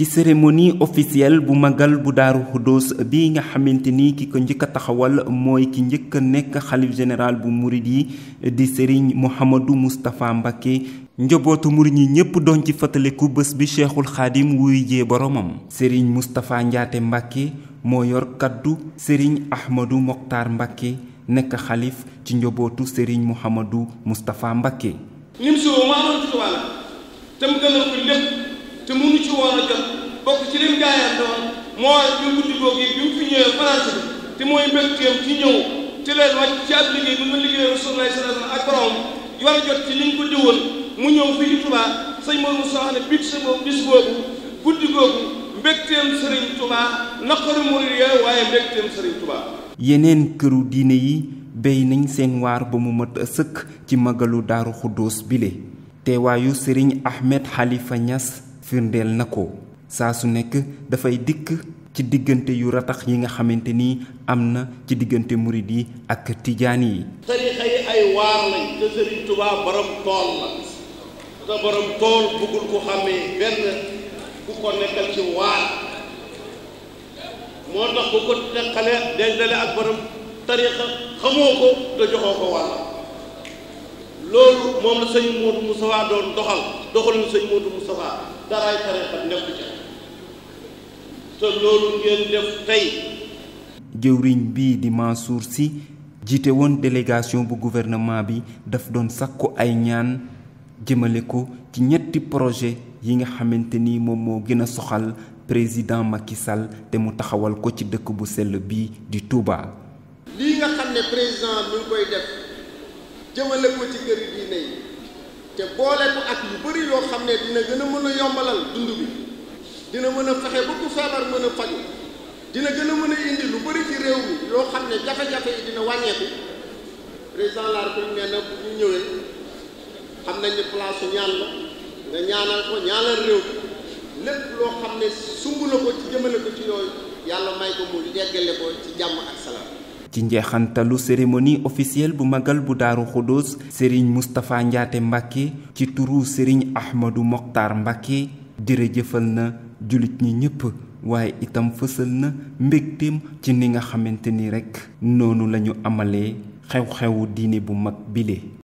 ci cérémonie officielle bu magal bu daaru xudoos bi nga xamante ni ki ko njëkk a taxawal mooy ki njëkk nekk xalif général bu murid yi di serigne mohamadou mustapha mbake njobootu murid ñi ñépp doon ci fataleku bés bi cheikhul xaadim wuy jee boromam serigne mustapha njaate mbake moo yor kaddu serigne ahmadou moktar Mbake nekk xalif ci njobootu serigne mohamadou mustapha mbake nim maa doon ci tam gënal ko lépp te mënu ci woon a bokk ci lim gaayam doon moo ñu guddi googu bi mu fi ñëwee France te mooy mbégteem ci ñëw ci leen wàcc ci ab liggéey bu ma liggéeyee Rasulullah sallallahu alayhi wasallam ak borom war jot ci liñ ko diwoon mu ñëw fii ci Touba sëñ Mor Moussa wax ne bis boobu bis guddi googu mbégteem Serigne Touba naqaru murid ya waaye mbégteem Serigne Touba. yeneen këru diine yi béy nañ seen waar ba mu mat a sëkk ci magalu daaru xuddoos bile teewaayu Serigne firndeel na ko saa su nekk dafay dikk ci diggante yu ratax yi nga xamante ni am na ci diggante murid yi ak tijaan yi tarixa yi ay waar lañ te Sëriñ Tuubaa borom tool la te borom xamee benn ku ko nekkal ci waar moo tax ku ko teqale dendale ak borom tarixa xamoo ko te joxoo ko wàll loolu moom la sëñ Mustafaa doon doxal doxalul sëñ Moodu Mustafaa daraay tarixa bi ca te loolu ngeen def tey jëwriñ bii di Mansour Sy jiite woon délégation bu gouvernement bi dafa doon sàkku ay ñaan jëmale ko ci ñetti projet yi nga xamante ni moom moo gën a soxal président Macky te mu taxawal ko ci dëkk bu sell bi di tuubaal lii nga xam ne président mi koy def jëmale ko ci kër gi te boole ko ak yu bëri yoo xam ne dina gën a mën a yombalal dund bi dina mën a fexe ba ko feebar mën a faju dina gën a mën a indi lu bëri fi réew mi loo xam ne jafe-jafe yi dina wàññeeku président de la République nee na bu ñu ñëwee xam nañ ne place ñaan la nga ñaanal ko ñaanal réew mi lépp loo xam ne sumb na ko ci jëmale ko ci yooyu yàlla may ko mu yeggale ko ci jàmm ak salaam ci njeexantalu cérémonie officielle bu magal bu daaru xudóos sëriñ Moustapha Ndiaté Mbacke ci turu sëriñ moktar Mokhtar dire jëfal na jullit ñi ñëpp waaye itam fësal na mbégteem ci ni nga xamante ni rekk noonu lañu amalee xew-xewu diine bu mag bile